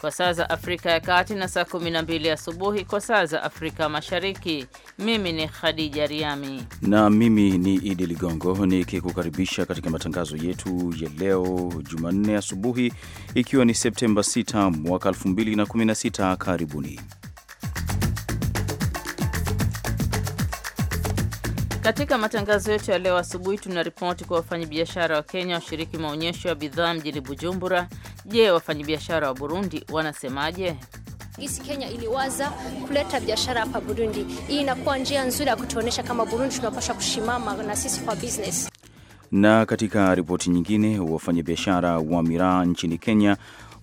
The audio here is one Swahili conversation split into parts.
kwa saa za Afrika ya Kati na saa 12 asubuhi kwa saa za Afrika Mashariki. Mimi ni Khadija Riami na mimi ni Idi Ligongo nikikukaribisha katika matangazo yetu ya leo Jumanne asubuhi, ikiwa ni Septemba 6 mwaka 2016. Karibuni. Katika matangazo yetu ya leo asubuhi, tuna ripoti kwa wafanyabiashara wa Kenya washiriki maonyesho ya bidhaa mjini Bujumbura. Je, wafanyabiashara wa Burundi wanasemaje? Gisi Kenya iliwaza kuleta biashara hapa Burundi, hii inakuwa njia nzuri ya kutuonyesha kama Burundi tunapaswa kushimama na sisi kwa business. Na katika ripoti nyingine, wafanyabiashara wa miraa nchini Kenya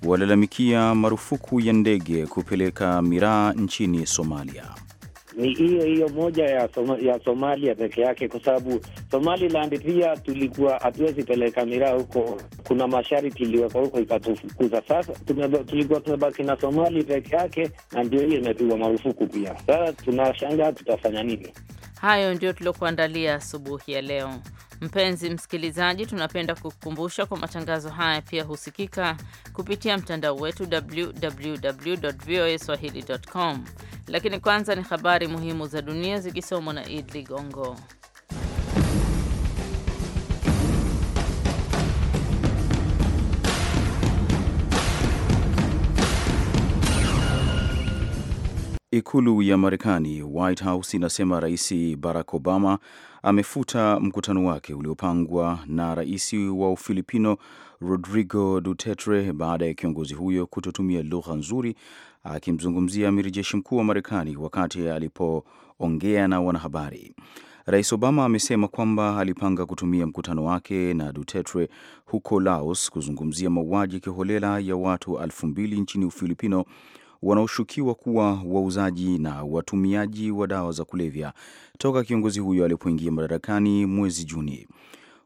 walalamikia marufuku ya ndege kupeleka miraa nchini Somalia ni hiyo hiyo moja ya, Som ya Somalia peke yake, kwa sababu Somaliland pia tulikuwa hatuwezi peleka miraa huko, kuna masharti iliwekwa huko ikatufukuza. Sasa tulikuwa tumebaki na Somali peke yake, na ndio hiyo imepigwa marufuku pia. Sasa tunashangaa tutafanya nini? Hayo ndio tuliokuandalia asubuhi ya leo. Mpenzi msikilizaji, tunapenda kukukumbusha kwa matangazo haya pia husikika kupitia mtandao wetu www voa swahilicom Lakini kwanza ni habari muhimu za dunia zikisomwa na Id Ligongo. Ikulu ya Marekani, White House, inasema Rais Barack Obama amefuta mkutano wake uliopangwa na rais wa Ufilipino Rodrigo Duterte baada ya kiongozi huyo kutotumia lugha nzuri akimzungumzia amiri jeshi mkuu wa Marekani wakati alipoongea na wanahabari. Rais Obama amesema kwamba alipanga kutumia mkutano wake na Duterte huko Laos kuzungumzia mauaji kiholela ya watu elfu mbili nchini Ufilipino wanaoshukiwa kuwa wauzaji na watumiaji wa dawa za kulevya toka kiongozi huyo alipoingia madarakani mwezi Juni.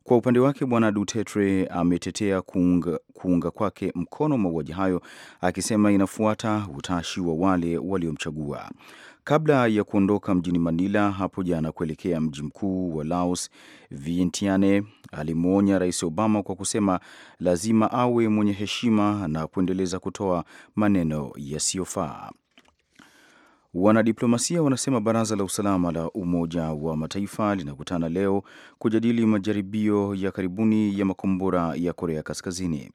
Kwa upande wake Bwana Duterte ametetea kuunga, kuunga kwake mkono mauaji hayo akisema inafuata utashi wa wale waliomchagua kabla ya kuondoka mjini Manila hapo jana kuelekea mji mkuu wa Laos, Vientiane. Alimwonya Rais Obama kwa kusema lazima awe mwenye heshima na kuendeleza kutoa maneno yasiyofaa. Wanadiplomasia wanasema baraza la usalama la Umoja wa Mataifa linakutana leo kujadili majaribio ya karibuni ya makombora ya Korea Kaskazini.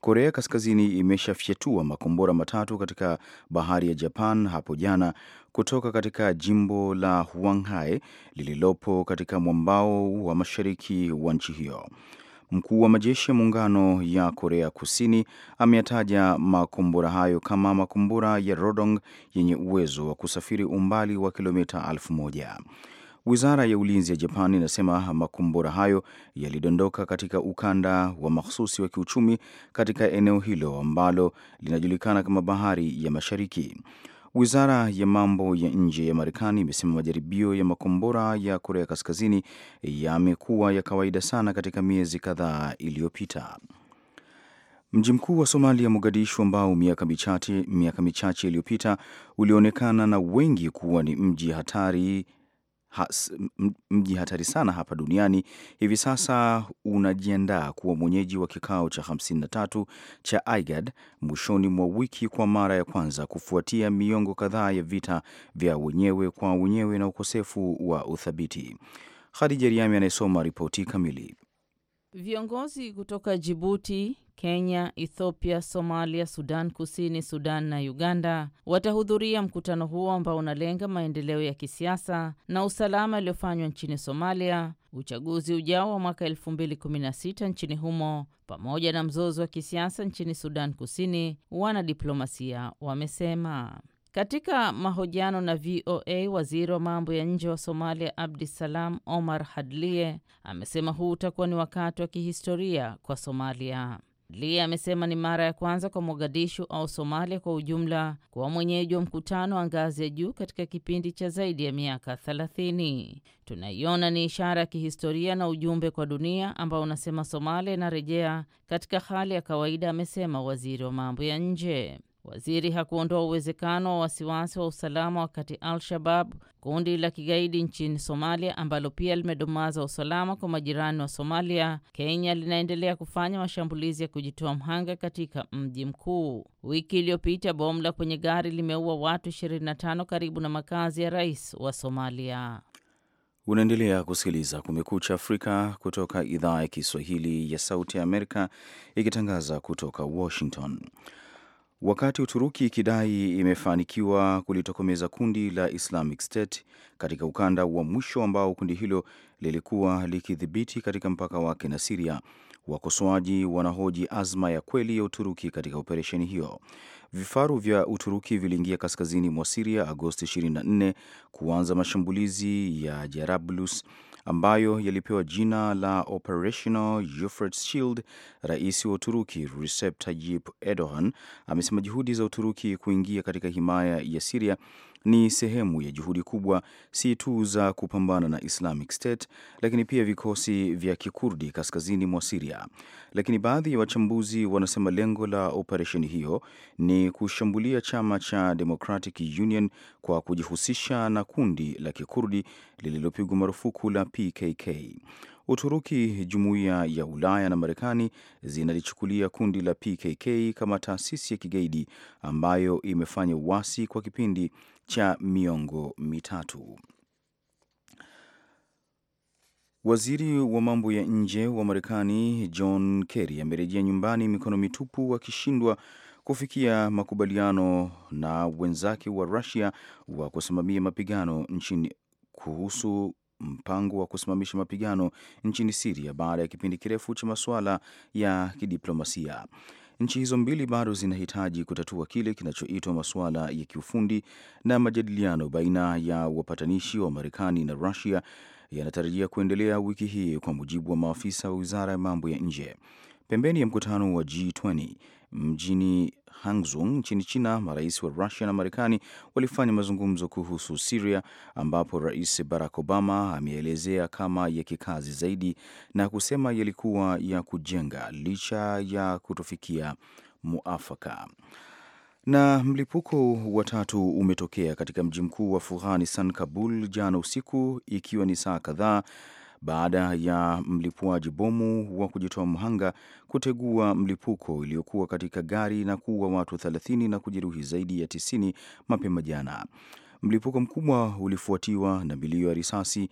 Korea Kaskazini imeshafyatua makombora matatu katika bahari ya Japan hapo jana kutoka katika jimbo la Hwanghae lililopo katika mwambao wa mashariki wa nchi hiyo. Mkuu wa majeshi ya muungano ya Korea Kusini ameyataja makombora hayo kama makombora ya Rodong yenye uwezo wa kusafiri umbali wa kilomita elfu moja. Wizara ya ulinzi ya Japan inasema makombora hayo yalidondoka katika ukanda wa mahsusi wa kiuchumi katika eneo hilo ambalo linajulikana kama Bahari ya Mashariki. Wizara ya mambo ya nje ya Marekani imesema majaribio ya makombora ya Korea Kaskazini yamekuwa ya kawaida sana katika miezi kadhaa iliyopita. Mji mkuu wa Somalia, Mogadishu, ambao miaka michache miaka michache iliyopita ulionekana na wengi kuwa ni mji hatari mji hatari sana hapa duniani hivi sasa unajiandaa kuwa mwenyeji wa kikao cha 53 cha IGAD mwishoni mwa wiki kwa mara ya kwanza kufuatia miongo kadhaa ya vita vya wenyewe kwa wenyewe na ukosefu wa uthabiti. Khadija Riami anayesoma ripoti kamili. Viongozi kutoka Jibuti, Kenya, Ethiopia, Somalia, Sudan Kusini, Sudan na Uganda watahudhuria mkutano huo ambao unalenga maendeleo ya kisiasa na usalama yaliyofanywa nchini Somalia, uchaguzi ujao wa mwaka 2016 nchini humo, pamoja na mzozo wa kisiasa nchini Sudan Kusini, wanadiplomasia wamesema. Katika mahojiano na VOA, waziri wa mambo ya nje wa Somalia Abdisalam Omar Hadlie amesema huu utakuwa ni wakati wa kihistoria kwa Somalia. Hadlie amesema ni mara ya kwanza kwa Mogadishu au Somalia kwa ujumla kuwa mwenyeji wa mkutano wa ngazi ya juu katika kipindi cha zaidi ya miaka 30. Tunaiona ni ishara ya kihistoria na ujumbe kwa dunia ambao unasema Somalia inarejea katika hali ya kawaida, amesema waziri wa mambo ya nje. Waziri hakuondoa uwezekano wa wasiwasi wa usalama wakati Al-Shabab, kundi la kigaidi nchini Somalia ambalo pia limedumaza usalama kwa majirani wa Somalia, Kenya, linaendelea kufanya mashambulizi ya kujitoa mhanga katika mji mkuu. Wiki iliyopita bomu la kwenye gari limeua watu 25 karibu na makazi ya rais wa Somalia. Unaendelea kusikiliza Kumekucha Afrika kutoka idhaa ya Kiswahili ya Sauti ya Amerika, ikitangaza kutoka Washington. Wakati Uturuki ikidai imefanikiwa kulitokomeza kundi la Islamic State katika ukanda wa mwisho ambao kundi hilo lilikuwa likidhibiti katika mpaka wake na Siria, wakosoaji wanahoji azma ya kweli ya Uturuki katika operesheni hiyo. Vifaru vya Uturuki viliingia kaskazini mwa Siria Agosti 24 kuanza mashambulizi ya Jarablus ambayo yalipewa jina la Operational Euphrates Shield. Rais wa Uturuki Recep Tayyip Erdogan amesema juhudi za Uturuki kuingia katika himaya ya Siria ni sehemu ya juhudi kubwa si tu za kupambana na Islamic State, lakini pia vikosi vya kikurdi kaskazini mwa Siria. Lakini baadhi ya wachambuzi wanasema lengo la operesheni hiyo ni kushambulia chama cha Democratic Union kwa kujihusisha na kundi la kikurdi lililopigwa marufuku la PKK. Uturuki, Jumuiya ya Ulaya na Marekani zinalichukulia kundi la PKK kama taasisi ya kigaidi ambayo imefanya uasi kwa kipindi cha miongo mitatu. Waziri wa mambo ya nje wa Marekani John Kerry amerejea nyumbani mikono mitupu akishindwa kufikia makubaliano na wenzake wa Russia wa kusimamia mapigano nchini kuhusu mpango wa kusimamisha mapigano nchini Siria baada ya kipindi kirefu cha masuala ya kidiplomasia. Nchi hizo mbili bado zinahitaji kutatua kile kinachoitwa masuala ya kiufundi na majadiliano baina ya wapatanishi wa Marekani na Rusia yanatarajia kuendelea wiki hii, kwa mujibu wa maafisa wa wizara ya mambo ya nje. Pembeni ya mkutano wa G20 mjini Hangzhou nchini China, marais wa Rusia na Marekani walifanya mazungumzo kuhusu Siria, ambapo Rais Barack Obama ameelezea kama ya kikazi zaidi na kusema yalikuwa ya kujenga licha ya kutofikia muafaka. Na mlipuko wa tatu umetokea katika mji mkuu wa Afghanistan, Kabul, jana usiku, ikiwa ni saa kadhaa baada ya mlipuaji bomu wa kujitoa mhanga kutegua mlipuko iliyokuwa katika gari na kuua watu 30 na kujeruhi zaidi ya 90 mapema jana. Mlipuko mkubwa ulifuatiwa na milio ya risasi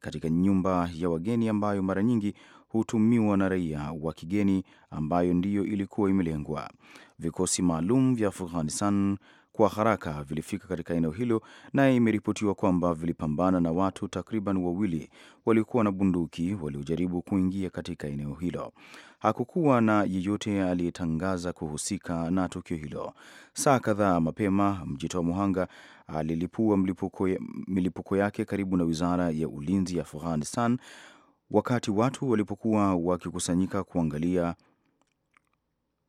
katika nyumba ya wageni ambayo mara nyingi hutumiwa na raia wa kigeni ambayo ndiyo ilikuwa imelengwa. Vikosi maalum vya Afghanistan kwa haraka vilifika katika eneo hilo, na imeripotiwa kwamba vilipambana na watu takriban wawili waliokuwa na bunduki waliojaribu kuingia katika eneo hilo. Hakukuwa na yeyote aliyetangaza kuhusika na tukio hilo. Saa kadhaa mapema, mjitoa muhanga alilipua milipuko yake karibu na wizara ya ulinzi ya Afghanistan wakati watu walipokuwa wakikusanyika kuangalia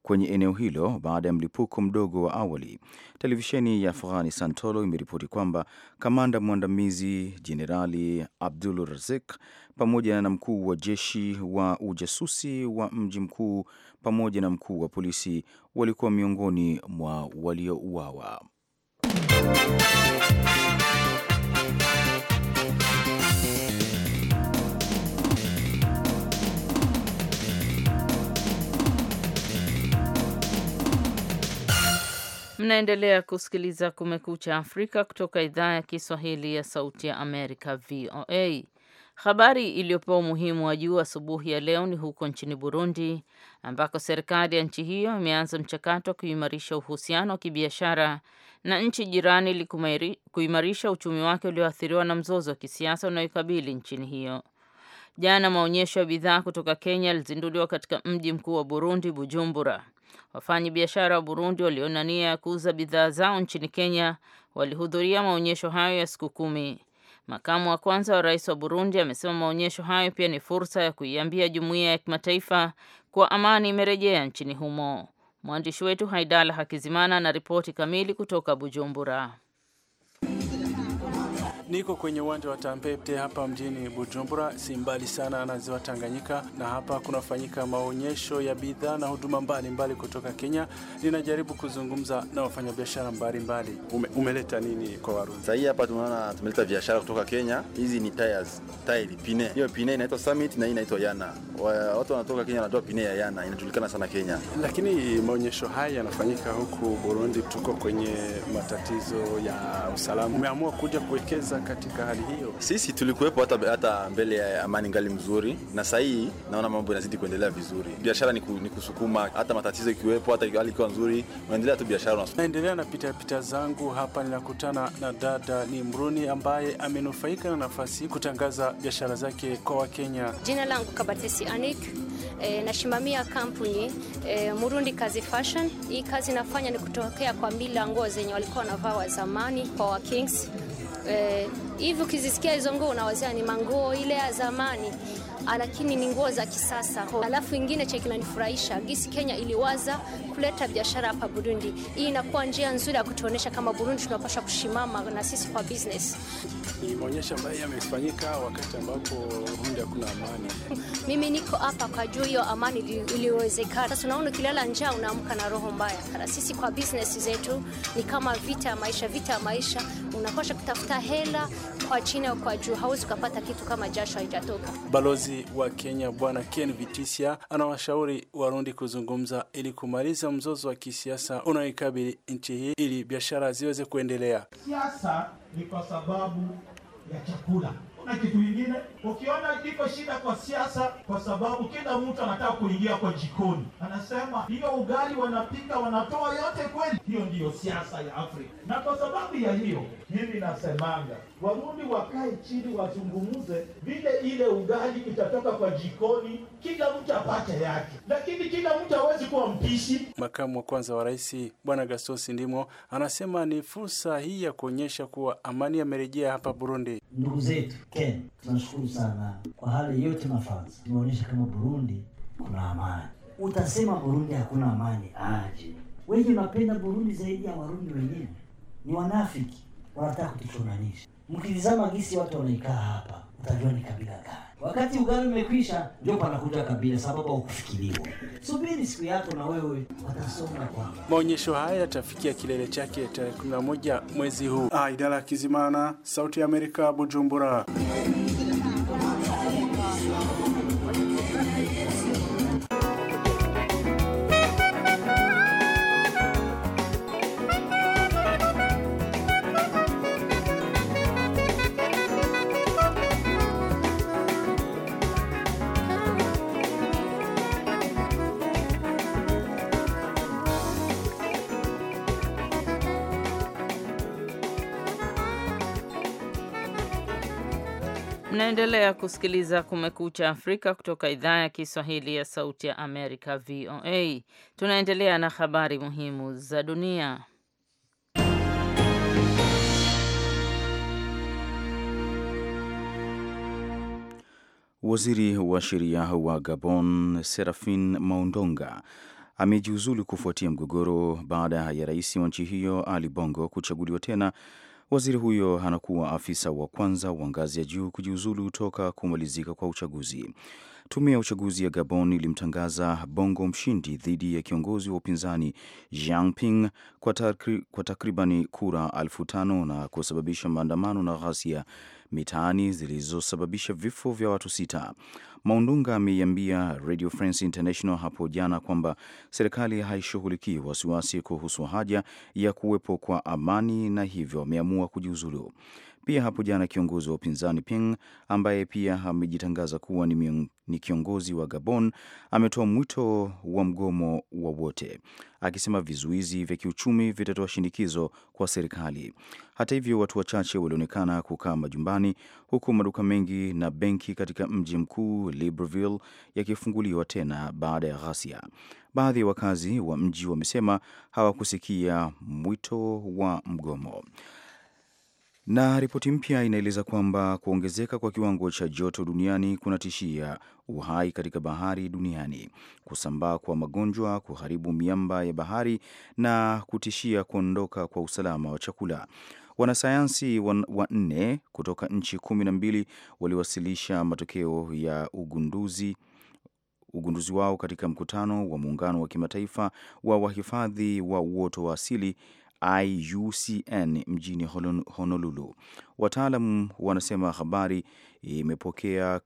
kwenye eneo hilo baada ya mlipuko mdogo wa awali. Televisheni ya Afghanistan Tolo imeripoti kwamba kamanda mwandamizi Jenerali Abdul Razik pamoja na mkuu wa jeshi wa ujasusi wa mji mkuu pamoja na mkuu wa polisi walikuwa miongoni mwa waliouawa. Mnaendelea kusikiliza Kumekucha Afrika kutoka idhaa ya Kiswahili ya Sauti ya Amerika, VOA. Habari iliyopewa umuhimu wa juu asubuhi ya leo ni huko nchini Burundi, ambako serikali ya nchi hiyo imeanza mchakato wa kuimarisha uhusiano wa kibiashara na nchi jirani ili kuimarisha uchumi wake ulioathiriwa na mzozo wa kisiasa unaoikabili nchini hiyo. Jana maonyesho ya bidhaa kutoka Kenya yalizinduliwa katika mji mkuu wa Burundi, Bujumbura. Wafanyabiashara wa Burundi waliona nia ya kuuza bidhaa zao nchini Kenya walihudhuria maonyesho hayo ya siku kumi. Makamu wa kwanza wa rais wa Burundi amesema maonyesho hayo pia ni fursa ya kuiambia jumuiya ya kimataifa kuwa amani imerejea nchini humo. Mwandishi wetu Haidala Hakizimana ana ripoti kamili kutoka Bujumbura. Niko kwenye uwanja wa Tampepte hapa mjini Bujumbura, si mbali sana na ziwa Tanganyika, na hapa kunafanyika maonyesho ya bidhaa na huduma mbalimbali kutoka Kenya. Ninajaribu kuzungumza na wafanyabiashara mbalimbali. Ume, umeleta nini kwa Warundi? Sasa hapa tumeona tumeleta biashara kutoka Kenya. Hizi ni tires, tire, pine. Hiyo pine inaitwa Summit na hii inaitwa Yana. Watu wanatoka Kenya wanatoa pine ya Yana, inajulikana sana Kenya. Lakini maonyesho haya yanafanyika huku Burundi, tuko kwenye matatizo ya usalama. Umeamua kuja kuwekeza sasa katika hali hiyo sisi tulikuwepo hata, hata mbele ya amani ngali mzuri, na sasa hii naona mambo yanazidi kuendelea vizuri. Biashara ni, ku, ni kusukuma hata matatizo ikiwepo, hata hali ikiwa nzuri, unaendelea tu biashara. Naendelea na pita pita zangu hapa, ninakutana na dada ni Mruni ambaye amenufaika na nafasi kutangaza biashara zake kwa Wakenya. Jina langu Kabatesi Anik. E, nashimamia kampuni e, Murundi Kazi Fashion. Hii kazi nafanya ni kutokea kwa mila nguo zenye walikuwa wanavaa wa zamani kwa Wakings Eh, hivi e, ukizisikia hizo nguo unawazia ni manguo ile ya zamani, ah, lakini ni nguo za kisasa. Alafu ingine cha kinanifurahisha gisi Kenya iliwaza kuleta biashara hapa Burundi. Hii inakuwa njia nzuri ya kutuonesha kama Burundi tunapaswa kushimama na sisi kwa business. Ni maonyesho ambayo yamefanyika wakati ambapo Burundi hakuna amani. Mimi niko hapa kwa juu hiyo amani iliyowezekana. Sasa unaona ukilala njaa unaamka na roho mbaya. Sisi kwa business zetu ni kama vita ya maisha, vita ya maisha unakosha kutafuta hela kwa chini au kwa juu, hauwezi ukapata kitu kama jasho haijatoka. Balozi wa Kenya Bwana Ken Vitisia anawashauri Warundi kuzungumza ili kumaliza mzozo wa kisiasa unaoikabili nchi hii ili biashara ziweze kuendelea. Siasa ni kwa sababu ya chakula na kitu kingine. Ukiona iko shida kwa siasa, kwa sababu kila mtu anataka kuingia kwa jikoni, anasema hiyo ugali wanapika wanatoa yote. Kweli hiyo ndiyo siasa ya Afrika, na kwa sababu ya hiyo mimi nasemanga Warundi wakae chini wazungumuze vile ile ugali itatoka kwa jikoni, kila mtu apate yake, lakini kila mtu hawezi kuwa mpishi. Makamu wa kwanza wa rais Bwana Gaston Ndimo anasema ni fursa hii ya kuonyesha kuwa amani amerejea hapa Burundi. Ndugu zetu Ken, tunashukuru sana kwa hali yote mafansa, tumeonyesha kama Burundi kuna amani. Utasema Burundi hakuna amani aje? Wengi unapenda Burundi zaidi ya Warundi wenyewe, ni wanafiki, wanataka kutufunanisha Mkivizama gisi watu wanaikaa hapa, utajua ni kabila gani. Wakati ugali umekwisha, ndio panakuja Kabila, sababu haukufikiriwa. Subiri siku yako na wewe watasonga kwako. Maonyesho haya yatafikia kilele chake tarehe 11 mwezi huu. Ah, idara ya Kizimana, Sauti ya Amerika, Bujumbura. Mnaendelea kusikiliza Kumekucha Afrika kutoka idhaa ya Kiswahili ya Sauti ya Amerika, VOA. Tunaendelea na habari muhimu za dunia. Waziri wa sheria wa Gabon, Serafin Maundonga, amejiuzulu kufuatia mgogoro baada ya rais wa nchi hiyo Ali Bongo kuchaguliwa tena Waziri huyo anakuwa afisa wa kwanza wa ngazi ya juu kujiuzulu toka kumalizika kwa uchaguzi. Tume ya uchaguzi ya Gabon ilimtangaza Bongo mshindi dhidi ya kiongozi wa upinzani Jean Ping kwa takribani kura elfu tano na kusababisha maandamano na ghasia mitaani zilizosababisha vifo vya watu sita. Maundunga ameiambia Radio France International hapo jana kwamba serikali haishughulikii wasiwasi kuhusu haja ya kuwepo kwa amani na hivyo ameamua kujiuzulu. Pia hapo jana kiongozi wa upinzani Ping ambaye pia amejitangaza kuwa ni, ni kiongozi wa Gabon ametoa mwito wa mgomo wa wote akisema vizuizi vya kiuchumi vitatoa shinikizo kwa serikali. Hata hivyo, watu wachache walionekana kukaa majumbani, huku maduka mengi na benki katika mji mkuu Libreville yakifunguliwa tena baada ya ghasia. Baadhi ya wakazi wa mji wamesema hawakusikia mwito wa mgomo. Na ripoti mpya inaeleza kwamba kuongezeka kwa kiwango cha joto duniani kunatishia uhai katika bahari duniani, kusambaa kwa magonjwa, kuharibu miamba ya bahari na kutishia kuondoka kwa usalama wa chakula. Wanasayansi wanne wa kutoka nchi kumi na mbili waliwasilisha matokeo ya ugunduzi ugunduzi wao katika mkutano wa muungano wa kimataifa wa wahifadhi wa uoto wa asili IUCN mjini Honolulu. Wataalam wanasema habari imepokea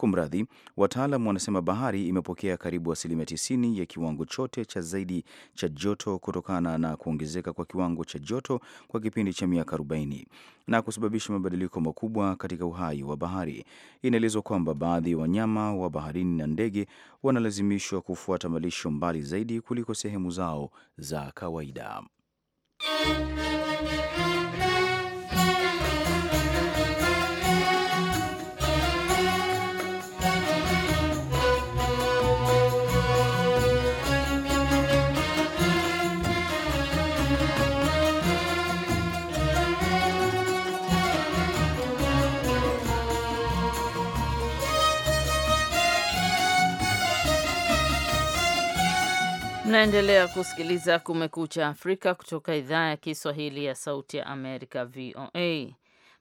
Kumradhi, wataalam wanasema bahari imepokea karibu asilimia 90 ya kiwango chote cha zaidi cha joto kutokana na kuongezeka kwa kiwango cha joto kwa kipindi cha miaka 40 na kusababisha mabadiliko makubwa katika uhai wa bahari. Inaelezwa kwamba baadhi ya wanyama wa baharini na ndege wanalazimishwa kufuata malisho mbali zaidi kuliko sehemu zao za kawaida. Mnaendelea kusikiliza Kumekucha Afrika kutoka idhaa ya Kiswahili ya Sauti ya Amerika, VOA.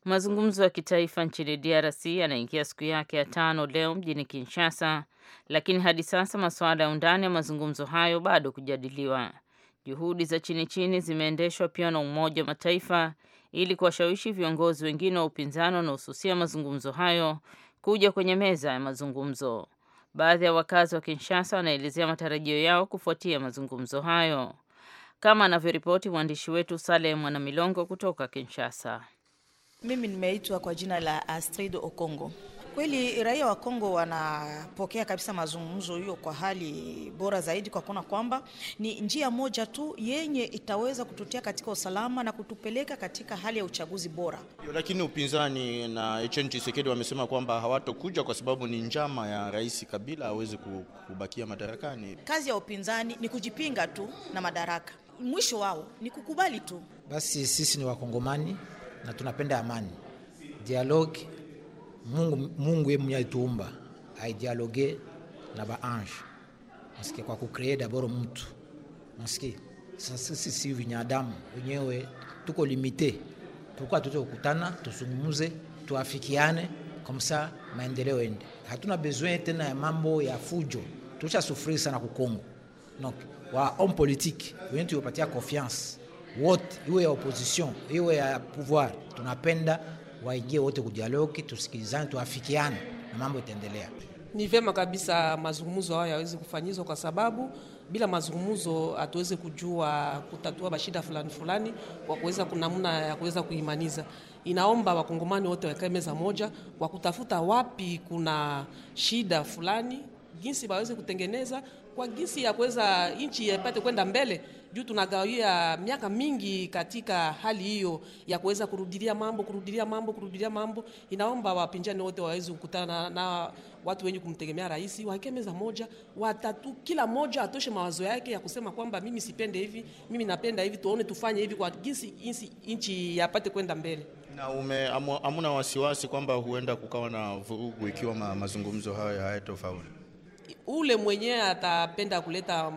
Mazungumzo ya kitaifa nchini DRC yanaingia siku yake ya tano leo mjini Kinshasa, lakini hadi sasa masuala ya undani ya mazungumzo hayo bado kujadiliwa. Juhudi za chini chini zimeendeshwa pia na Umoja wa Mataifa ili kuwashawishi viongozi wengine wa upinzani wanaohususia mazungumzo hayo kuja kwenye meza ya mazungumzo. Baadhi ya wakazi wa Kinshasa wanaelezea matarajio yao kufuatia mazungumzo hayo, kama anavyoripoti mwandishi wetu Saleh Mwanamilongo kutoka Kinshasa. Mimi nimeitwa kwa jina la Astrid Okongo. Kweli raia wa Kongo wanapokea kabisa mazungumzo hiyo kwa hali bora zaidi, kwa kuona kwamba ni njia moja tu yenye itaweza kututia katika usalama na kutupeleka katika hali ya uchaguzi bora. Lakini upinzani na Etienne chisekedi wamesema kwamba hawatokuja kwa sababu ni njama ya Rais Kabila aweze kubakia madarakani. Kazi ya upinzani ni kujipinga tu na madaraka, mwisho wao ni kukubali tu. Basi sisi ni Wakongomani na tunapenda amani, dialogue Mungu, Mungu yeye mwenye alituumba aidialoge na baange nasikia kwa kucreate bora mtu nasikia sasa sisi binadamu wenyewe tuko limite, tulikuwa tuweze kukutana, tuzungumze, tuafikiane kamsa maendeleo ende. Hatuna besoin tena ya mambo ya fujo, tulisha sufuri sana kukongo. Donc wa homme politique wenye tuwapatia confiance wote, iwe ya opposition iwe ya pouvoir, tunapenda waingie wote kudialogi, tusikilizane, tuafikiane na mambo itaendelea. Ni vyema kabisa mazungumzo hayo yaweze kufanyizwa kwa sababu bila mazungumzo hatuweze kujua kutatua mashida fulani fulani kwa kuweza kunamna ya kuweza kuimaniza. Inaomba wakongomani wote wakae meza moja kwa kutafuta wapi kuna shida fulani, jinsi waweze kutengeneza kwa jinsi ya kuweza nchi yapate kwenda mbele juu tunagawia miaka mingi katika hali hiyo ya kuweza kurudilia mambo kurudilia mambo kurudilia mambo. Inaomba wapinzani wote waweze kukutana na watu wenye kumtegemea rais, waweke meza moja watatu, kila moja atoshe mawazo yake ya kusema kwamba mimi sipende hivi, mimi napenda hivi, tuone tufanye hivi kwa jinsi nchi yapate kwenda mbele. Na ume amuna wasiwasi kwamba huenda kukawa na vurugu ikiwa ma, mazungumzo hayo hayatofaulu? Ule mwenyewe atapenda kuleta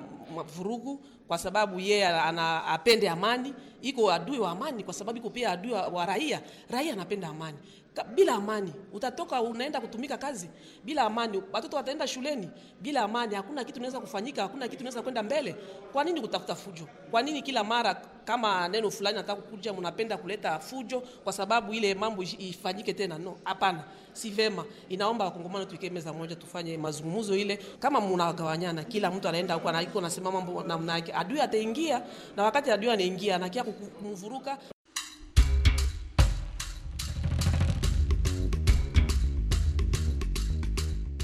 vurugu kwa sababu yeye ana apende amani. Iko adui wa amani, kwa sababu iko pia adui wa raia. Raia anapenda amani bila amani. Utatoka unaenda kutumika kazi bila amani, watoto wataenda shuleni bila amani. Hakuna kitu inaweza kufanyika, hakuna kitu inaweza kwenda mbele. Kwa nini kutafuta fujo? Kwa nini kila mara kama neno fulani nataka kukuja, mnapenda kuleta fujo kwa sababu ile mambo ifanyike tena? No, hapana, si vema. Inaomba wakongomano tuikae meza moja, tufanye mazungumzo ile. Kama mnagawanyana, kila mtu anaenda huko, anaiko anasimama mambo namna yake, adui ataingia, na wakati adui anaingia anakia kumvuruka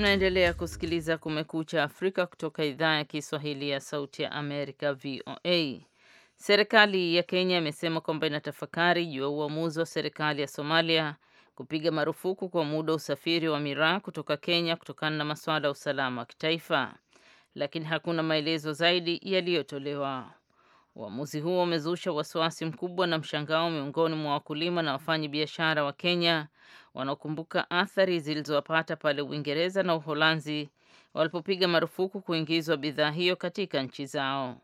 Mnaendelea kusikiliza Kumekucha Afrika kutoka idhaa ya Kiswahili ya Sauti ya Amerika, VOA. Serikali ya Kenya imesema kwamba inatafakari juu ya uamuzi wa serikali ya Somalia kupiga marufuku kwa muda usafiri wa miraa kutoka Kenya kutokana na masuala ya usalama wa kitaifa, lakini hakuna maelezo zaidi yaliyotolewa. Uamuzi huo umezusha wasiwasi mkubwa na mshangao miongoni mwa wakulima na biashara wa Kenya wanaokumbuka athari zilizowapata pale Uingereza na Uholanzi walipopiga marufuku kuingizwa bidhaa hiyo katika nchi zao.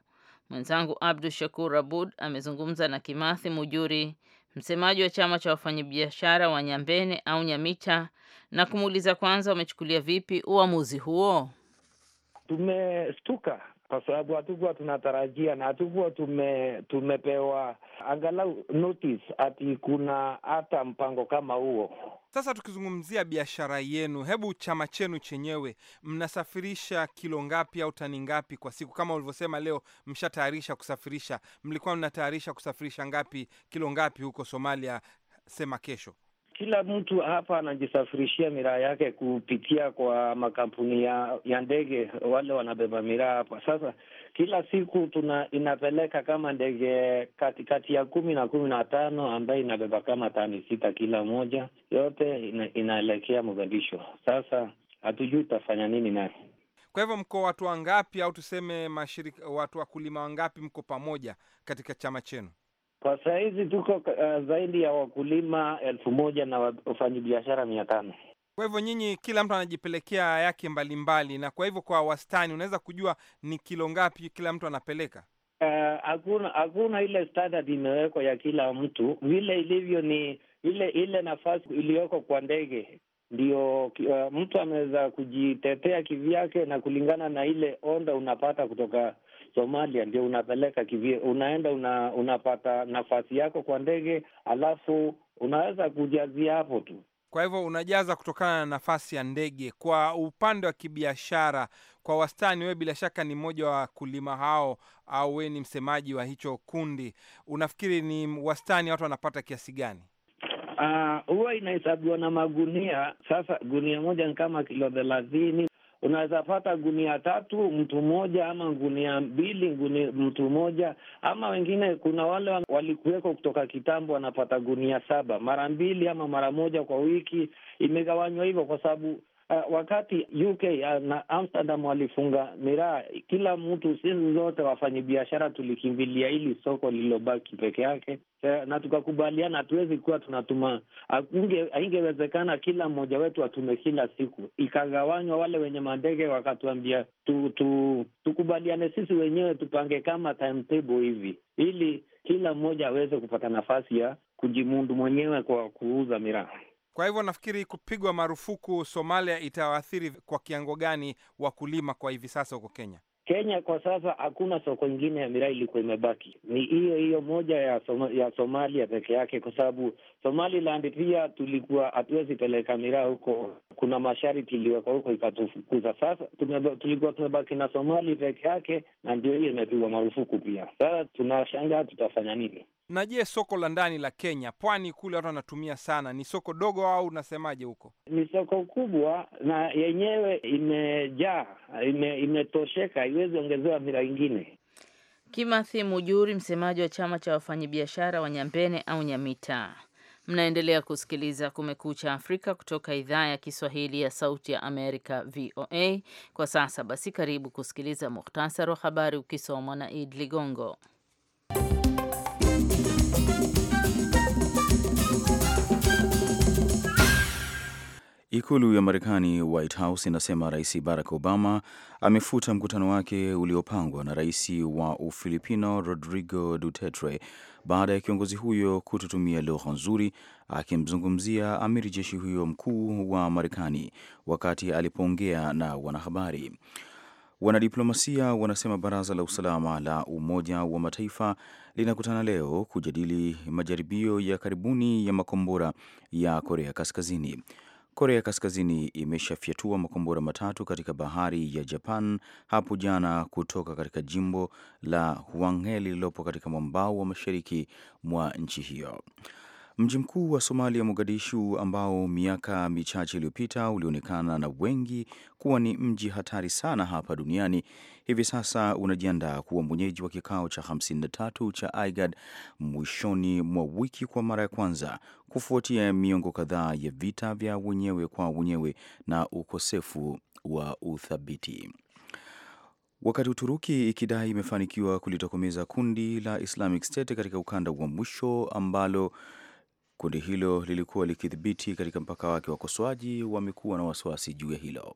Mwenzangu Abdu Shakur Abud amezungumza na Kimathi Mujuri, msemaji wa chama cha wafanyabiashara wa Nyambene au Nyamita, na kumuuliza kwanza wamechukulia vipi uamuzi huo. Tumestuka kwa sababu hatukuwa tunatarajia na hatukuwa tume, tumepewa angalau notice ati kuna hata mpango kama huo. Sasa tukizungumzia biashara yenu, hebu chama chenu chenyewe, mnasafirisha kilo ngapi au tani ngapi kwa siku? Kama ulivyosema leo mshatayarisha kusafirisha, mlikuwa mnatayarisha kusafirisha ngapi, kilo ngapi huko Somalia? Sema kesho kila mtu hapa anajisafirishia miraa yake kupitia kwa makampuni ya, ya ndege wale wanabeba miraa hapa. Sasa kila siku tuna inapeleka kama ndege katikati ya kumi na kumi na tano ambayo inabeba kama tani sita kila moja, yote ina, inaelekea Mogadisho. Sasa hatujui tutafanya nini naye. Kwa hivyo mko watu wangapi, au tuseme mashirika, watu wakulima wangapi mko pamoja katika chama chenu? Kwa sahizi tuko uh, zaidi ya wakulima elfu moja na wafanyabiashara mia tano. Kwa hivyo nyinyi, kila mtu anajipelekea yake mbalimbali mbali, na kwa hivyo kwa wastani unaweza kujua ni kilo ngapi kila mtu anapeleka? Uh, hakuna uh, hakuna ile standard imewekwa ya kila mtu, vile ilivyo ni ile ile nafasi iliyoko kwa ndege ndio uh, mtu anaweza kujitetea kivyake na kulingana na ile onda unapata kutoka Somalia ndio unapeleka kivie, unaenda una, unapata nafasi yako kwa ndege, alafu unaweza kujazia hapo tu. Kwa hivyo unajaza kutokana na nafasi ya ndege. Kwa upande wa kibiashara, kwa wastani, wewe bila shaka ni mmoja wa wakulima hao, au wewe ni msemaji wa hicho kundi, unafikiri ni wastani watu wanapata kiasi gani? Ah, huwa uh, inahesabiwa na magunia. Sasa gunia moja ni kama kilo thelathini unaweza pata gunia tatu mtu mmoja, ama gunia mbili gunia mtu mmoja, ama wengine, kuna wale walikuwekwa kutoka kitambo wanapata gunia saba mara mbili ama mara moja kwa wiki, imegawanywa hivyo kwa sababu Uh, wakati UK uh, ah, na Amsterdam walifunga miraa, kila mtu, sisi zote biashara tulikimbilia hili soko lililobaki peke yake, eh, na tukakubaliana hatuwezi kuwa tunatuma. Ah, haingewezekana kila mmoja wetu atume kila siku, ikagawanywa. Wale wenye mandege wakatuambia tu, tu, tukubaliane sisi wenyewe tupange kama timetable hivi, ili kila mmoja aweze kupata nafasi ya kujimundu mwenyewe kwa kuuza miraa. Kwa hivyo nafikiri kupigwa marufuku Somalia itawaathiri kwa kiango gani wakulima kwa hivi sasa huko Kenya? Kenya kwa sasa hakuna soko ingine ya miraa ilikuwa imebaki, ni hiyo hiyo moja ya Soma, ya Somalia peke yake, kwa sababu Somaliland pia tulikuwa hatuwezi peleka miraa huko, kuna masharti iliwekwa huko ikatufukuza. Sasa tume, tulikuwa tumebaki na Somali peke yake, na ndio hiyo imepigwa marufuku pia. Sasa tunashangaa tutafanya nini? Na je, soko la ndani la Kenya, pwani kule watu wanatumia sana, ni soko dogo au unasemaje huko? Ni soko kubwa na yenyewe imejaa, imetosheka, ime haiwezi ongezewa mira ingine. Kimathi Mujuri, msemaji wa chama cha wafanyabiashara wa Nyambene au Nyamita. Mnaendelea kusikiliza Kumekucha Afrika kutoka idhaa ya Kiswahili ya Sauti ya Amerika, VOA. Kwa sasa basi, karibu kusikiliza muhtasari wa habari ukisomwa na Id Ligongo. Ikulu ya Marekani, White House, inasema Rais Barack Obama amefuta mkutano wake uliopangwa na rais wa Ufilipino Rodrigo Duterte baada ya kiongozi huyo kutotumia lugha nzuri akimzungumzia amiri jeshi huyo mkuu wa Marekani wakati alipoongea na wanahabari. Wanadiplomasia wanasema baraza la usalama la Umoja wa Mataifa linakutana leo kujadili majaribio ya karibuni ya makombora ya Korea Kaskazini. Korea Kaskazini imeshafyatua makombora matatu katika bahari ya Japan hapo jana kutoka katika jimbo la Hwanghae lililopo katika mwambao wa mashariki mwa nchi hiyo. Mji mkuu wa Somalia, Mogadishu, ambao miaka michache iliyopita ulionekana na wengi kuwa ni mji hatari sana hapa duniani, hivi sasa unajiandaa kuwa mwenyeji wa kikao cha 53 cha IGAD mwishoni mwa wiki kwa mara ya kwanza, kufuatia miongo kadhaa ya vita vya wenyewe kwa wenyewe na ukosefu wa uthabiti. Wakati Uturuki ikidai imefanikiwa kulitokomeza kundi la Islamic State katika ukanda wa mwisho ambalo Kundi hilo lilikuwa likidhibiti katika mpaka wake. Wakosoaji wamekuwa na wasiwasi juu ya hilo.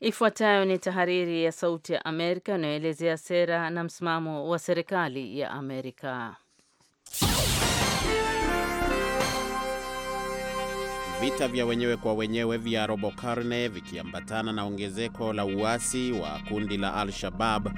Ifuatayo ni tahariri ya Sauti ya Amerika inayoelezea sera na msimamo wa serikali ya Amerika. Vita vya wenyewe kwa wenyewe vya robo karne vikiambatana na ongezeko la uasi wa kundi la Al-Shabab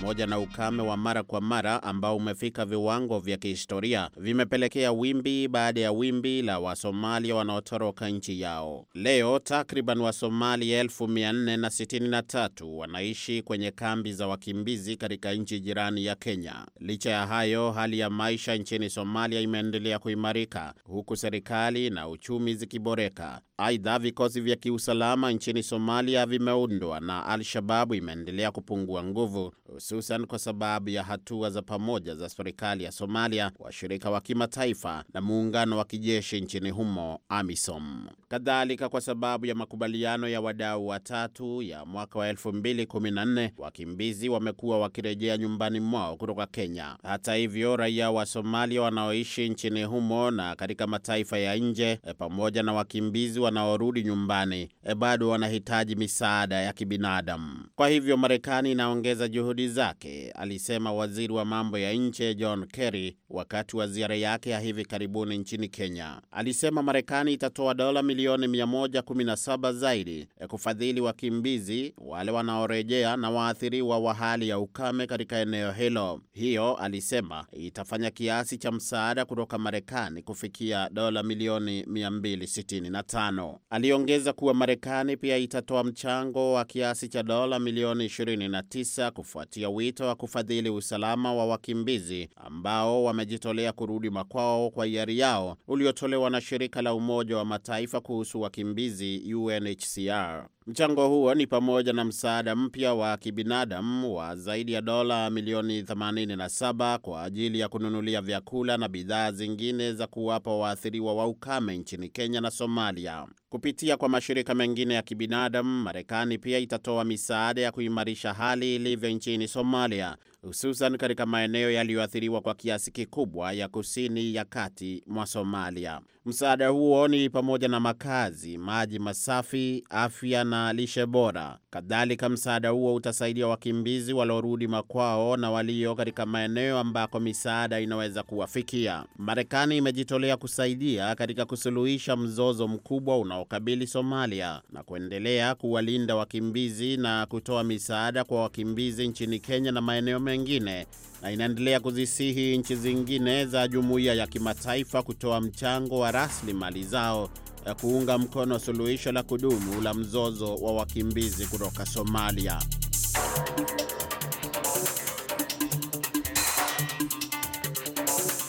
pamoja na ukame wa mara kwa mara ambao umefika viwango vya kihistoria vimepelekea wimbi baada ya wimbi la Wasomalia wanaotoroka nchi yao. Leo takriban Wasomalia 463 wanaishi kwenye kambi za wakimbizi katika nchi jirani ya Kenya. Licha ya hayo, hali ya maisha nchini Somalia imeendelea kuimarika huku serikali na uchumi zikiboreka. Aidha, vikosi vya kiusalama nchini Somalia vimeundwa na Al-Shababu imeendelea kupungua nguvu hususan kwa sababu ya hatua za pamoja za serikali ya Somalia, washirika wa kimataifa na muungano wa kijeshi nchini humo AMISOM, kadhalika kwa sababu ya makubaliano ya wadau watatu ya mwaka wa 2014. Wakimbizi wamekuwa wakirejea nyumbani mwao kutoka Kenya. Hata hivyo, raia wa Somalia wanaoishi nchini humo na katika mataifa ya nje eh, pamoja na wakimbizi wanaorudi nyumbani eh, bado wanahitaji misaada ya kibinadamu. Kwa hivyo, Marekani inaongeza juhudi zake, alisema waziri wa mambo ya nje John Kerry wakati wa ziara yake ya hivi karibuni nchini Kenya. Alisema Marekani itatoa dola milioni 117 zaidi kufadhili wakimbizi, wale wanaorejea na waathiriwa wa hali ya ukame katika eneo hilo. Hiyo, alisema, itafanya kiasi cha msaada kutoka Marekani kufikia dola milioni 265. Aliongeza kuwa Marekani pia itatoa mchango wa kiasi cha dola milioni 29 kufuatia ya wito wa kufadhili usalama wa wakimbizi ambao wamejitolea kurudi makwao kwa hiari yao uliotolewa na shirika la Umoja wa Mataifa kuhusu wakimbizi UNHCR. Mchango huo ni pamoja na msaada mpya wa kibinadamu wa zaidi ya dola milioni 87 kwa ajili ya kununulia vyakula na bidhaa zingine za kuwapa waathiriwa wa ukame nchini Kenya na Somalia. Kupitia kwa mashirika mengine ya kibinadamu, Marekani pia itatoa misaada ya kuimarisha hali ilivyo nchini Somalia hususan katika maeneo yaliyoathiriwa kwa kiasi kikubwa ya kusini ya kati mwa Somalia. Msaada huo ni pamoja na makazi, maji masafi, afya na lishe bora. Kadhalika, msaada huo utasaidia wakimbizi waliorudi makwao na walio katika maeneo ambako misaada inaweza kuwafikia. Marekani imejitolea kusaidia katika kusuluhisha mzozo mkubwa unaokabili Somalia na kuendelea kuwalinda wakimbizi na kutoa misaada kwa wakimbizi nchini Kenya na maeneo mengi mengine na inaendelea kuzisihi nchi zingine za jumuiya ya kimataifa kutoa mchango wa rasilimali zao ya eh, kuunga mkono suluhisho la kudumu la mzozo wa wakimbizi kutoka Somalia.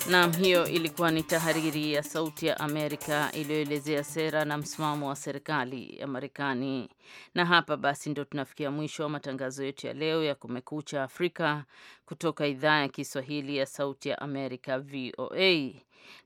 Naam, hiyo ilikuwa ni tahariri ya Sauti ya Amerika iliyoelezea sera na msimamo wa serikali ya Marekani. Na hapa basi ndo tunafikia mwisho wa matangazo yetu ya leo ya Kumekucha Afrika kutoka idhaa ya Kiswahili ya Sauti ya Amerika, VOA.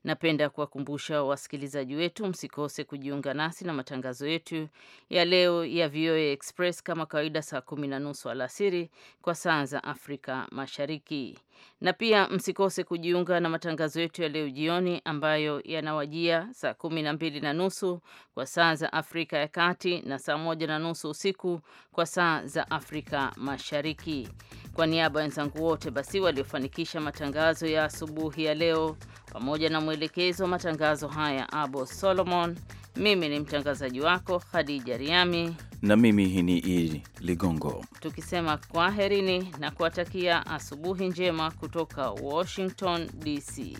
Napenda kuwakumbusha wasikilizaji wetu msikose kujiunga nasi na matangazo yetu ya leo ya VOA Express kama kawaida, saa kumi na nusu alasiri kwa saa za Afrika Mashariki, na pia msikose kujiunga na matangazo yetu ya leo jioni ambayo yanawajia saa kumi na mbili na nusu kwa saa za Afrika ya Kati na saa moja na nusu usiku kwa saa za Afrika Mashariki. Kwa niaba ya wenzangu wote basi waliofanikisha matangazo ya asubuhi ya leo pamoja na mwe mwelekezi wa matangazo haya Abo Solomon. Mimi ni mtangazaji wako Khadija Riami na mimi ni Idi Ligongo, tukisema kwaherini na kuwatakia asubuhi njema kutoka Washington DC.